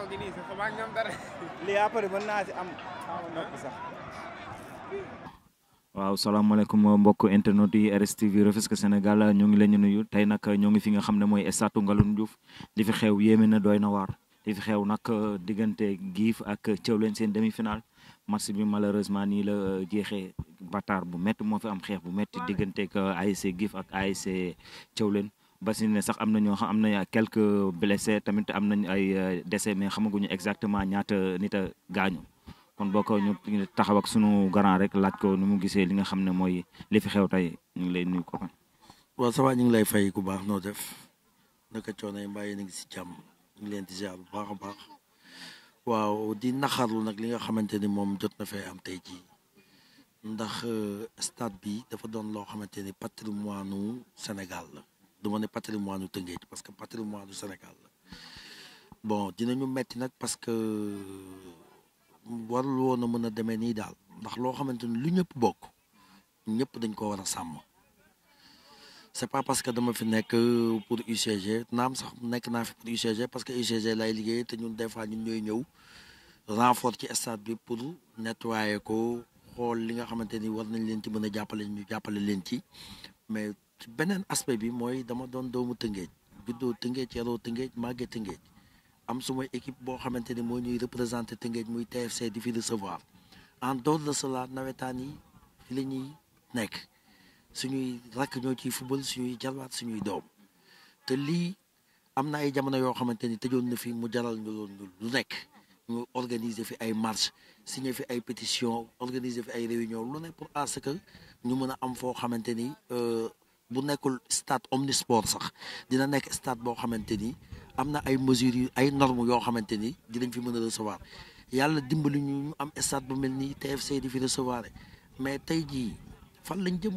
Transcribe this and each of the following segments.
xaw ngi nii sax xaw am dara. lii après mbokk internet yi RSTV Rufisque Sénégal ñu ngi leen nuyu tey nag ñoo ngi fi nga xam ne mooy stade Ngalandou Diouf di fi xew yéeme na doy na waar di fi xew nag diggante giif ak Thiawlène seen demi-finale match bi malheureusement nii la euh, jeexe bataar bu metti moo fi am xeex bu diggante digganteeg euh, ASC giif ak ASC Thiawlène Bassirou ne sax am na ñoo xam am na quelque blessés tamit am nañ ay euh, décès mais xamaguñu exactement ñaata nit gaañu kon boo ko ñu taxaw ak sunu grand rek laaj ko nu mu gisee li nga xam ne mooy li fi xew tey ñu ngi lay nuyu ko. waaw ça waa ñu ngi lay fay ku baax noo def naka coono yi mbaa yéen a ngi si jàmm ngi leen di ziar bu baax a baax waaw di naxarlu nag li nga xamante ni moom jot na fee am tey jii. ndax euh, stade bi dafa doon loo xamante ni patrimoine Sénégal la du ma ne patrimoine u Tëngéej parce que patrimoine du Sénégal la bon dinañu metti nag parce que euh, warul woon a mën a demee nii daal ndax loo xamante ni lu ñëpp bokk ñëpp dañ ko war a sàmm c'est pas parce que dama fi nekk euh, pour UCG naam sax nekk naa fi pour UCG que UCG lay liggéey te ñun des fois ñun ñooy ñëw renfort ci estade bi pour nettoyer ko xool li nga xamante ni war nañ leen ci mën a jàppale ñu jàppale leen ci mais beneen aspect bi mooy dama doon doomu Tëngéej juddoo Tëngéej yaroo Tëngéej màggee Tëngéej am suma équipe boo xamante ni moo ñuy représenté Tëngéej muy TFC di fi recevoir en dehors de cela nawetaan yi fi la ñuy nekk suñuy rakk ñoo ciy football suñuy jalwaat suñuy doom te lii am na ay jamono yoo xamante ni tëjoon na fi mu jaral ñu loon lu nekk ñu organiser fi ay marche signer fi ay pétition organiser fi ay réunion lu nekk pour à ñu mën am foo xamante ni euh, bu nekkul stade sport sax dina nekk stade boo xamante ni am na ay mesures yu ay normes yoo xamante ni dinañ fi mën a recevoir yàlla dimbali ñu am stade bu mel nii TFC di fi recevoir mais tey jii fan lañ jëm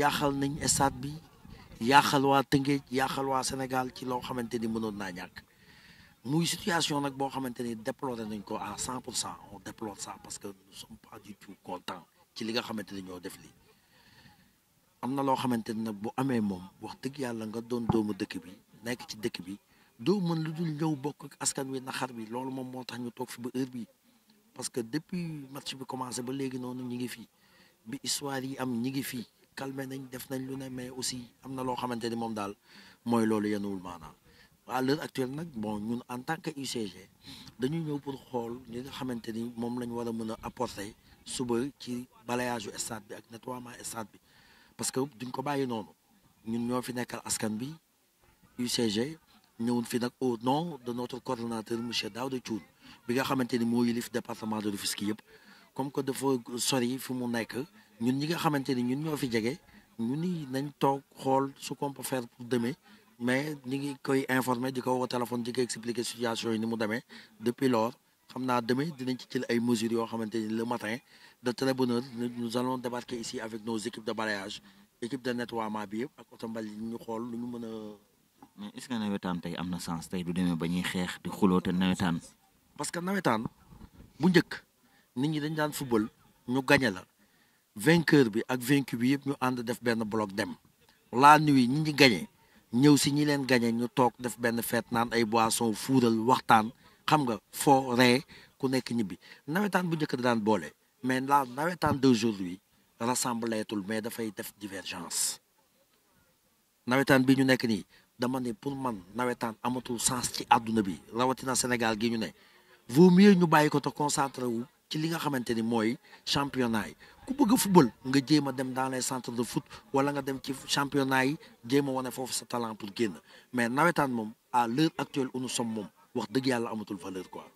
yaaxal nañ stade bi yaaxal waa Tëngéej yaaxal waa Sénégal ci loo xamante ni mënoon naa ñàkk muy situation nag boo xamante ni déploré nañ ko à cent pour cent on déplore ça parce que nous sommes pas du tout contents ci li nga xamante ni ñoo def lii am na loo xamante nag bu amee moom wax dëgg yàlla nga doon doomu dëkk bi nekk ci dëkk bi doo mën lu dul ñëw bokk ak askan wi na xar bi loolu moom moo tax ñu toog fi ba heure bi parce que depuis match bi commencé ba léegi noonu ñi ngi fii bi histoire am ñi ngi fii calmé nañ def nañ lu ne mais aussi am na loo xamante ni moom daal mooy loolu yenuwul maanaam à l'heure actuelle nag bon ñun en tant que UCG dañuy ñëw pour xool li nga xamante ni moom lañ war a mën a apporter suba ci balayage stade bi ak nettoiement stade bi parce que duñ ko bàyyi noonu ñun ñoo fi nekkal askan bi UCG ñëwun fi nag au nom de notre coordonnateur monsieur Daouda Thioune bi nga xamante ni moo yilif département de Rufisque yëpp comme que dafa sori fi mu nekk ñun ñi nga xamante ni ñun ñoo fi jege ñu nii nañ toog xool su qu'on pour demee mais ñi ngi koy informer di ko woo téléphone di ko expliquer situation yi ni mu demee depuis lors xam naa demee dinañ ci jël ay mesures yoo xamante ni le matin de très bonne heure nous allons débarquer ici avec nos équipes de balayage équipe de nettoiement bi yëpp ak oto mbali ñu xool lu ñu mën a. mais est-ce nawetaan tey am na sens tey du demee ba ñuy xeex di xuloo te nawetaan. parce que nawetaan bu njëkk nit ñi dañ daan football ñu gañe la vainqueur bi ak vaincu bi yëpp ñu ànd def benn bloc dem la nuit ñi ñi gañe ñëw si ñi leen gañe ñu toog def benn fête naan ay boisson fuural waxtaan xam nga foo ree ku nekk ñibbi nawetaan bu njëkk da daan boole. mais la nawetaan d'aujourd'hui rassembleetul mais dafay def divergence nawetaan bi ñu nekk nii dama ne pour man nawetaan amatul sens ci àdduna bi rawatina Sénégal gi ñu ne vaut mieux ñu bàyyi ko te concentré wu ci li nga xamante ni mooy championnat yi ku bëgg a football nga jéem a dem dans les centres de foot wala nga dem ci championnat yi jéem a wane foofu sa talent génn mais nawetaan moom à l'heure actuelle où som moom wax dëgg yàlla amatul valeur quoi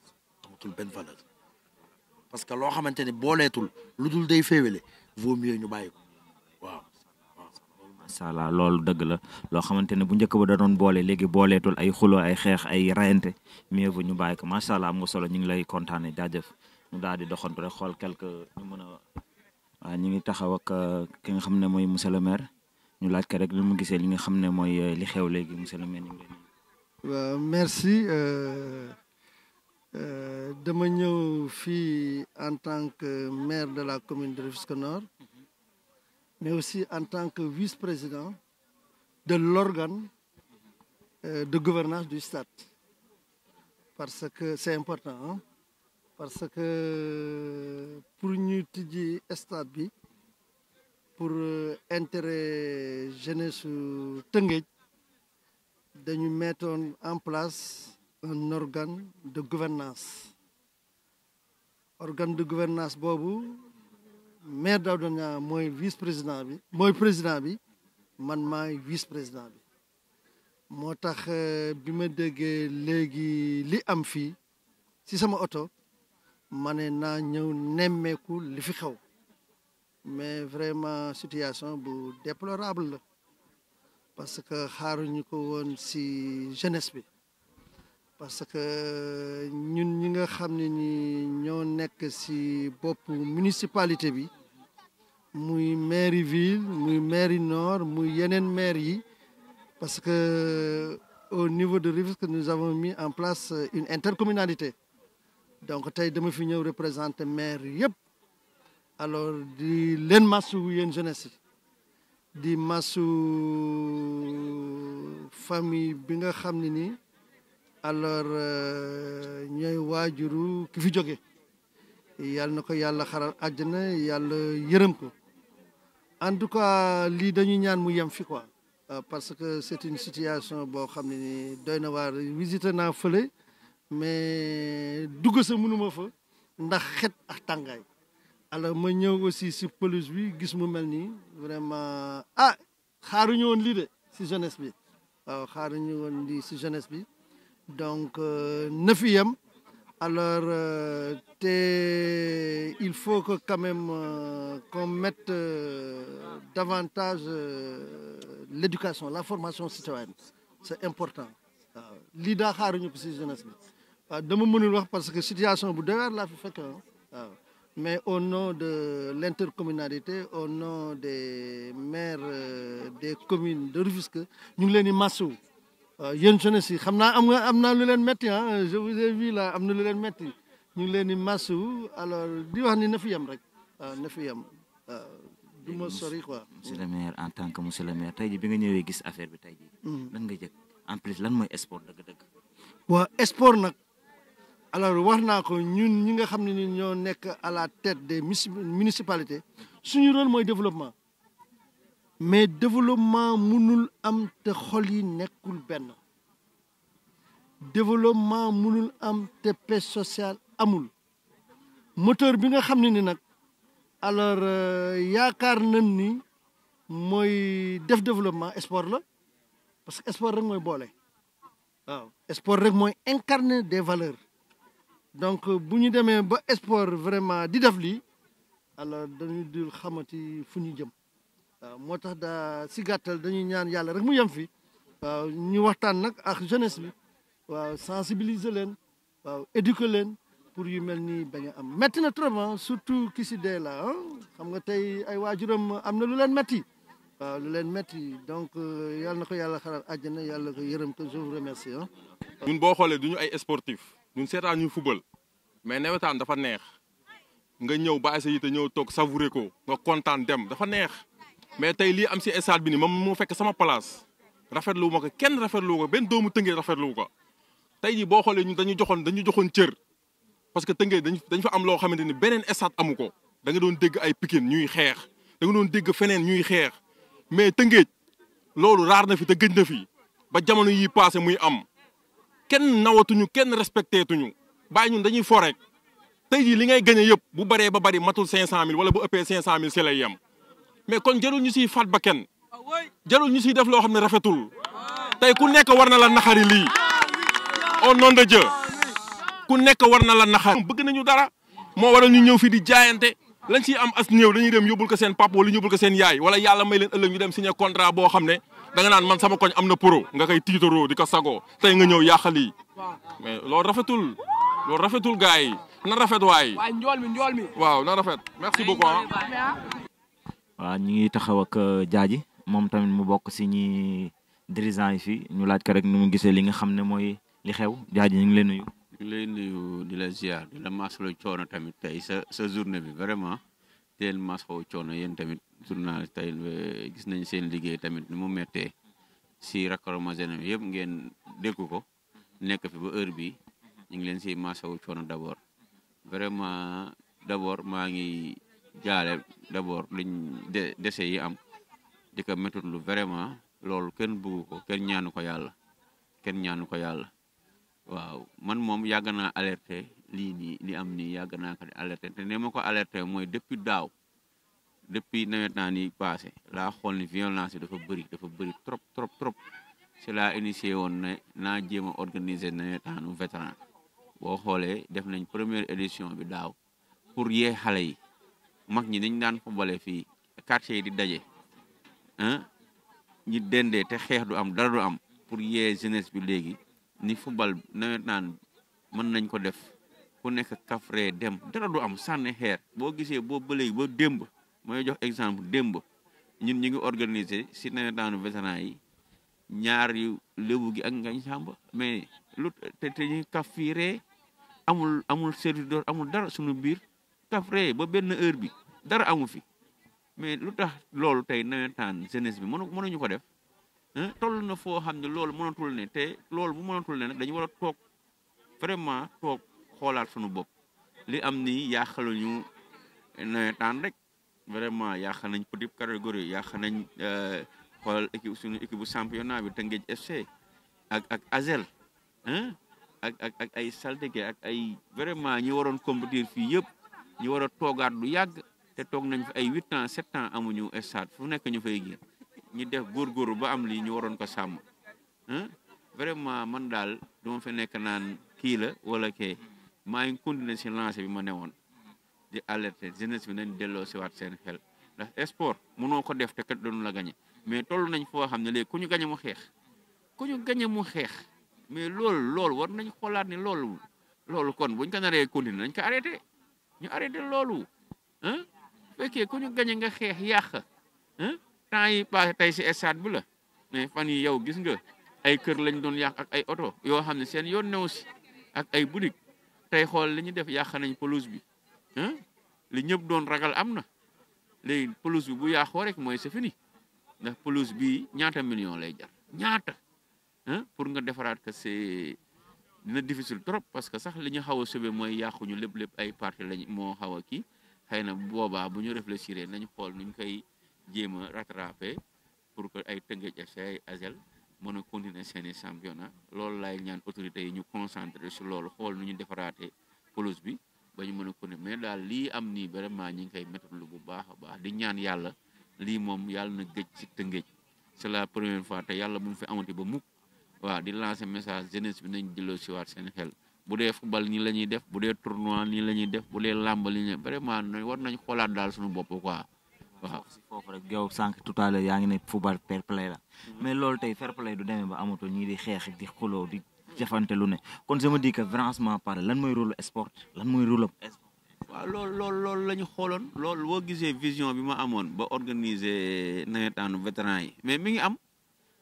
amatul benn valeur parce que loo xamante ne booleetul lu dul day féewale vaut mieux ñu bàyyi ko waaw. macha allah loolu dëgg la loo xamante ne bu njëkk ba da doon boole léegi booleetul ay xuloo ay xeex ay rayante mieux vaut ñu bàyyi ko macha allah am solo ñu ngi lay kontaane jaajëf ñu daal di doxantu rek xool quelque ñu mën a waaw ñu ngi taxaw ak euh, ki nga xam ne mooy monsieur le maire ñu laaj ko rek li mu gisee li nga xam ne mooy euh, li xew léegi monsieur le maire ñu ngi merci. Euh, Euh, dama ñëw fii en tant que maire de la commune de Rufisque Nord mais aussi en tant que vice-président de l'organe euh, de gouvernance du stade parce que c'est important parce que euh, pour ñu tijji stade bi pour intérêt jeunesse su Tëngéej dañu mettoon en place un organe de gouvernance organe de gouvernance boobu maire Daouda Niang mooy vice président bi mooy président bi man maay vice président bi moo tax euh, bi ma déggee léegi li am fii si sama oto mane naa ñëw nemmeeku li fi xew mais vraiment situation bu déplorable la parce que xaaruñu ko woon ci jeunesse bi parce que ñun ñi nga xam ne ni ñoo nekk si bopp municipalité bi muy mairie ville muy mairie nord muy yeneen maire yi parce que au niveau de Rufisque nous avons mis en place une intercommunalité donc tey dama fi ñëw représenter maire yëpp alors di len masu yéen jeunesse di masu famille bi nga xam ne nii alors euh, ñooy waajuru ki fi jóge yal na ko yàlla xaral àjjana yàlla yërëm ko en tout cas lii dañu ñaan mu yem fi quoi euh, parce que c'est une situation boo xam ne ni doy na waar visité naa fële mais dugg sa mënuma fa ndax xet ak tàngaay alors ma ñëw aussi si police bi gis mu mel nii vraiment ah xaaruñu woon lii de si jeunesse bi waaw ñu woon lii si jeunesse bi donc na fi yem alors euh, te il faut que quand même euh, qu'on mette euh, davantage l'éducation la formation citoyenne c'est important waaw lii daa xaaruñu ko si jeunesse bi waaw dama mënul wax parce que situation bu déweer la fi fekk waaw mais au nom de l'intercommunalité au nom des maires des communes de Rufisque ñu ngi leen di masawu waaw euh, yéen jeunesse yi xam naa am na am naa lu leen métti ah je vous ai vu am na lu leen métti ñu ngi leen di masawu alors di wax ni na fi yem rek waaw euh, na fi yem waaw euh, du ma sori quoi. monsieur le maire en tant que monsieur le maire tey jii bi nga ñëwee gis affaire bi tey jii. Hmm. lan nga en plus lan mooy sport dëgg-dëgg. waaw sport nag alors wax naa ko ñun ñi nga xam ne ni ñoo nekk à la tête des municipalités suñu rôle mooy développement. mais développement munul am te xol yi nekkul benn développement mënul am te paix sociale amul moteur bi nga xam ne ni nag alors euh, yaakaar nañ ni mooy def développement sport la parce que sport rek mooy boole waaw sport rek mooy incarner des valeurs donc bu ñu demee ba sport vraiment di def lii alors dañuy dul xamati fu ñu jëm waaw euh, moo tax daa si gàttal dañuy ñaan yàlla rek mu yem fi waaw ñu waxtaan nag ak jeunesse bi waaw sensibiliser leen waaw éduquer leen pour yu mel ni bañ am métti na trop surtout ki si dee la xam nga tey ay waajuram am na lu leen métti waaw lu leen métti donc euh, yàlla na ko yàlla xalaat àjjana yàlla ko yërëm ko je vous remercie boo xoolee du ñu ay sportif ñun seetaan ñu fubal mais nawetaan dafa neex nga ñëw ba sa yite ñëw toog savourer ko nga kontaan mais tey lii am si stade bi ni moom moo fekk sama place rafetlu ma ko kenn rafetlu ko benn doomu Tëngéej rafetlu ko tey jii boo xoolee ñun dañu joxoon dañuy joxoon cër parce que Tëngéej dañ dañ fa am loo xamante ni beneen stade amu ko da nga doon dégg ay Pikine ñuy xeex da doon dégg feneen ñuy xeex mais Tëngéej loolu raar na fi te gëj na fi ba jamono yi passé muy am kenn nawatuñu kenn respecté tuñu bàyyi ñun dañuy fo rek tey jii li ngay gagné yëpp bu baree ba bari matul 500000 wala bu ëppee 500000 si lay yem. mais kon jarul ñu siy faat ba kenn jarul ñu siy def loo xam ne rafetul tey ku nekk war na lan naxari lii au nom de Dieu ku nekk war na la naxar bëgg nañu dara moo waral ñu ñëw fii di jaayante lañ ciy am as néew dañuy dem yóbbul ko seen papa wala yóbbul ko seen yaay wala yàlla may leen ëllëg ñu dem signé contrat boo xam ne da naan man sama koñ am na pro nga koy tiitaroo di ko sagoo tey nga ñëw yàqal lii mais rafetul loolu rafetul gars yi na rafet waay. waaw njool mi njool mi. waaw na rafet merci beaucoup ah. waaw ñu ngi taxaw ak euh, jaaji moom tamit mu bokk si ñi dirigeant yi fii ñu laaj ko rek nu mu gisee li nga xam ne mooy li xew jaaji ñu ngi lay nuyu. ñu ngi lay nuyu di la ziar di la masalu coono tamit tey sa sa journée bi vraiment teel masawu coono yéen tamit journal tey euh, gis nañ seen liggéey tamit ni mu méttee si bi yëpp ngeen déggu ko nekk fi ba heure bi ñu ngi leen si masawu coono d' abord vraiment d' abord maa ngi. jaale d' abord liñ de décès yi am di ko métut lu vraiment loolu kenn bëggu ko kenn ñaanu ko yàlla kenn ñaanu ko yàlla waaw man moom yàgg naa alerte lii nii li am nii yàgg naa ko alerté te ne ma ko alerte mooy depuis daaw depuis nawet naa ni passé laa xool ni violence dafa bëri dafa bëri trop trop trop si laa initié woon ne naa jéema a organiser nawetaanu vétéran boo xoolee def nañ première édition bi daaw pour yee xale yi mag ñi dañ daan fobale fii quartier yi di daje ñi dendee te xeex du am dara du am pour yee jeunesse bi léegi ni football nawet naan mën nañ ko def ku nekk kafre dem dara du am sànni xeer boo gisee boo bëléegi ba démb mooy jox exemple demb ñun ñu ngi organiser si nawet naanu vétéran yi ñaar yu lébu gi ak ngañ sàmb mais lu te te ñu kaf amul amul service d'ordre amul dara suñu biir kaf ba benn heure bi dara amu fi mais lu tax loolu tey nawetaan jeunesse bi mënu mënuñu ko def toll na foo xam ne loolu mënatul ne te lool bu mënatul ne na dañu war a toog vraiment toog xoolaat sunu bopp li am ni nii yàqaluñu nawetaan rek vraiment yàq nañ petite catégorie yàq nañ euh, xoolal équipe suñu équipe bu championnat bi Tëngéej FC ak ak Azel ak ak ak ay salteke ak ay vraiment ñi waron compétir fii yëpp ñu war a toogaat lu yàgg te toog nañ fa ay huit ans sept ans amuñu stade fu nekk ñu fay gi ñu def góor góorgóorlu ba am lii ñu waroon ko sàmm vraiment man daal duma fa nekk naan kii la wala kee maa ngi continuer si lancé bi ma ne woon di alerte jeunesse bi nañ delloo si waat seen xel ndax sport mënoo ko def te kat doonu la gañe mais toll nañ foo xam ne léegi ku ñu gañe mu xeex ku ñu gañe mu xeex mais loolu loolu war nañ xoolaat ni loolu loolu kon buñ ko naree continuer nañ ko arrêté ñu arrêté loolu ah fekkee ku ñu gañe nga xeex yàq ah yi passé tey si stade bi la mais fan yi yow gis nga ay kër lañ doon yàq ak ay oto yoo xam ne seen yoon new si ak ay boutique tey xool li ñu def yàq nañ pelouse bi ah li ñëpp doon ragal am na léegi pelouse bi bu yàqoo rek mooy sefini ndax pelouse bi ñaata million lay jar ñaata ah pour nga defaraat que c'est dina difficile trop parce que sax li ñu xaw a sobe mooy yàquñu lépp lépp ay parti lañ moo xaw a kii xëy na boobaa bu ñu réfléchir nañu xool nuñ koy jéem a rattraper pour que ay Tëngéej FC ay Asel mën a continuer seen i championnat loolu laay ñaan autorités yi ñu concentré sur loolu xool nu ñu defaraate pelouse bi ba ñu mën a continuer mais daal lii am nii vraiment ñu ngi koy lu bu baax a baax di ñaan yàlla lii moom yàlla na gëj ci Tëngéej c'est la première fois yàlla bu mu fi amati ba mukk waaw di lancer message jeunesse bi nañ delloo si waat seen xel bu dee football nii la def bu dee tournoi nii la def bu dee làmb ñu vraiment war nañ xoolaat daal suñu bopp quoi waaw si foofu rek yow ne football fair play la mhm. mais loolu tey fair play du demee ba amatul ñii di xeex di xuloo di jafante lu ne kon je me dis que franchement parlé lan mooy rôle sport lan mooy rôle waaw loolu loolu loolu gisee vision bi ma amoon ba organiser nawetaanu vétéran yi mais mi ngi am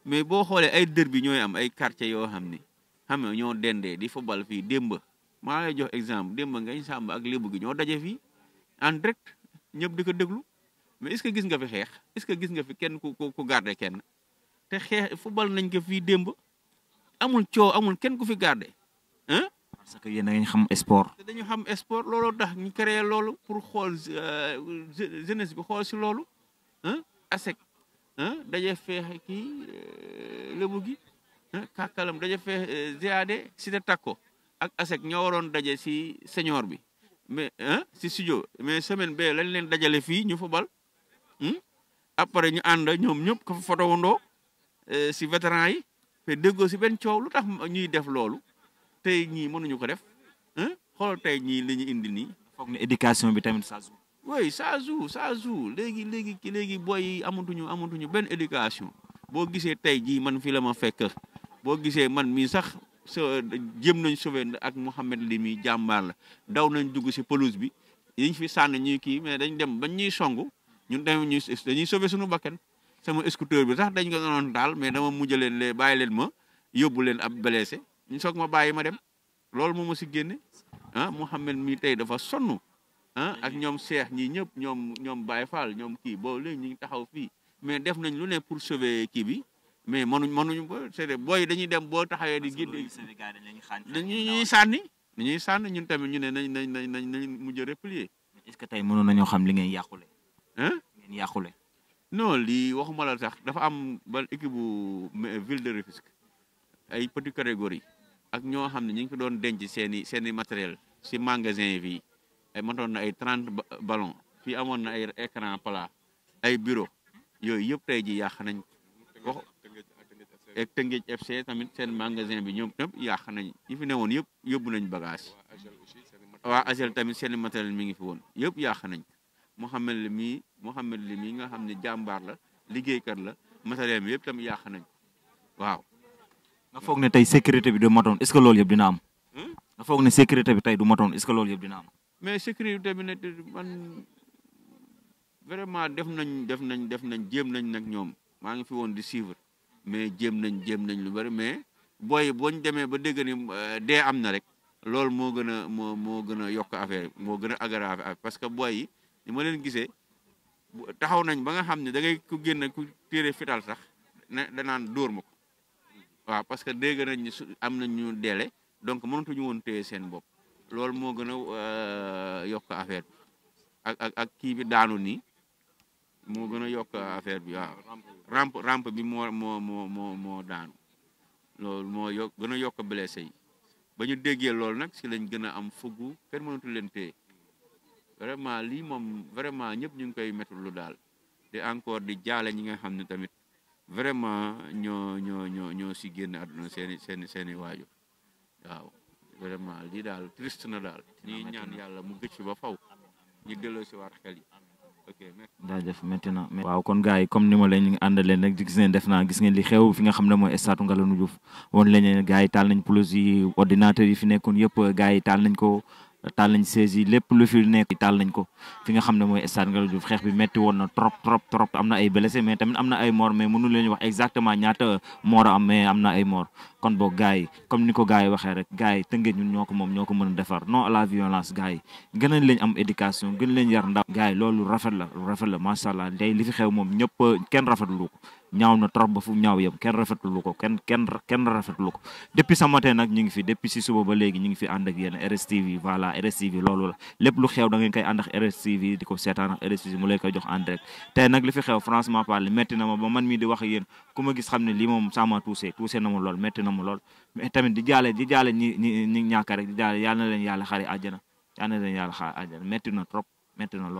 mais boo xoolee ay derby ñooy am ay quartier yoo xam ni xam nga ñoo dendee di football fii démba maa lay jox exemple démba ngay sàmb ak lébu gi ñoo daje fii en direct ñëpp di ko déglu mais est-ce que gis nga fi xeex est-ce que gis nga fi kenn ku ku garde kenn te xeex football nañ ko fii démb amul coo amul kenn ku fi garde ah saka que yéen dañu xam sport. dañu xam sport looloo tax ñu créé loolu pour xool euh, jeunesse bi xool si loolu ah ASEC daje feexe kii euh, lëbu gi kàkkalam daje feexe euh, GAD Cité Takko ak ASEC ñoo waroon daje si senior bi mais si studio mais semaine bee lañ leen dajale fii ñu fubal après ñu ànd ñoom ñëpp ko fa fotowandoo si euh, vétéran yi te déggoo si benn coow lu tax ñuy def loolu tey ñii mënuñu ko def xoolal tey ñii li ñu indi nii. foog ne éducation bi tamit saa oui ça joue ça joue léegi léegi léegi boy yi amatuñu amatuñu benn éducation boo gisee tey jii man fi la fekk boo gisee man mii sax sa jëm nañ sauvé ak Mouhamed li mi jàmbaar la daw nañ dugg si pelouse bi yiñ fi sànn ñuy kii mais dañ dem bañ ñuy songu ñun dem ñu dañuy sauvé suñu bakken sama scooter bi sax dañ ko doon daal mais dama mujj leen lee bàyyi leen ma yóbbu leen ab blessé ñu soog ma bàyyi ma dem loolu moom ma si génne ah Mouhamed mii tey dafa sonnu ah ak ñoom seex ñi ñëpp ñoom ñoom Baye Fall ñoom kii boo léegi ñu ngi taxaw fii mais def nañ lu ne pour sauver kii bi mais mënuñ mënuñu ko c'est booy dañuy dem boo taxawee di gid dañuy sànni dañuy sànni ñun tamit ñu ne nañ nañ nañ nañ nañ mujj a replier est-ce que tey mënoon nañoo xam li ngeen yàqule hein ngeen yàqule non lii waxuma la sax dafa am bal équipe bu ville de Rufisque ay petite catégorie ak ñoo xam ne ñu ngi ko doon denc seen i seen i matériel si magasin yi fii ay eh, matoon na ay trente ballon fii amoon na ay écran plat ay bureau yooyu yëpp tey ji yàq nañ wax ak eh, Tëngéej FC tamit seen magasin bi ñoom ñëpp yàq nañ ñi fi ne woon yëpp yóbbu nañ bagage waa Agel tamit seen matériel mi ngi fi woon yëpp yàq nañ Mouhamed li mii Mouhamed li mii nga xam ne jàmbaar la liggéeykat la matériel bi yëpp tamit yàq nañ waaw nga foog ne tey sécurité bi du matoon est-ce que loolu yëpp dina am hmm? nga foog ne sécurité bi tey du matoon est-ce que loolu yëpp dina am mais sécurité bi nag man vraiment def nañ def nañ def nañ jéem nañ nag ñoom maa ngi fi woon di suivre mais jéem nañ jéem nañ lu bari mais booy boo demee ba dégg ni euh, dee am na rek loolu moo gën a moo moo gën a yokk affaire moo gën a aggraver ah, parce que booy yi ni ma leen gisee taxaw nañ ba nga xam ne da ngay ku génn ku téere fital sax danaan dóor ma ko waaw parce que dégg nañ am nañ ñu deele donc mënatuñu woon téye seen bopp loolu moo gën a euh, yokk affaire bi ak ak ak kii bi daanu ni moo gën a yokk affaire bi waaw ramp bi moo moo moo moo moo daanu loolu moo yokk gën a yokk blessé yi ba ñu déggee loolu nag si lañ gën a am fuggu kenn mënatu leen téye vraiment lii moom vraiment ñëpp ñu ngi koy métti daal te encore di jaale ñi nga xam ne tamit vraiment ñoo ñoo ñoo ñoo si génn àdduna seeni seeni seeni waajur waaw vraiment lii daal triste na daal ñuy ñaan yàlla mu gëcc ba faw ñu delloo waat xel yi ok maintenant waaw kon gars comme ni leen àndalee nag gis ngeen def naa gis li xew fi nga xam ne mooy stade Ngalandou Diouf woon leen gars taal nañ pelouse yi ordinateur yi fi nekkoon yëpp gars yi taal nañ ko taal nañ siège yi lépp lu fi nekk taal nañ ko fi nga xam ne mooy stade Ngalandou Diouf xeex bi metti woon na trop trop trop am na ay blessé mais tamit am na ay mort mais mënu leen wax exactement ñaata mort am mais am na ay mort kon boo gars yi comme ni ko gars yi waxee rek gars yi tëngeej ñun ñoo ko moom ñoo ko mën a defar non à la violence gars yi gën a leen am éducation gën leen yar ndaw gars yi loolu rafet la rafet la macha allah tey li fi xew moom ñëpp kenn rafetlu ko ñaaw na trop ba fu ñaaw yem kenn rafetlu ko kenn kenn kenn rafetlu ko depuis ce matin nag ñu ngi fi depuis si suba ba léegi ngi fi ànd ak yéen RSTV voilà RSTV loolu lu xew da ngeen koy ànd ak RSTV di ko seetaan ak RSTV mu lay koy jox en direct tey nag li fi xew franchement parlé metti na ma ba man mii di wax ak yéen gis xam ne lii moom sama tuuse tuuse na ma lool metti na ma lool mais tamit di jaale di jaale ñi ñi ñi ñàkk rek di jaale yal na leen yàlla xari àjjana yal na leen yàlla xaar àjjana metti na trop metti na lool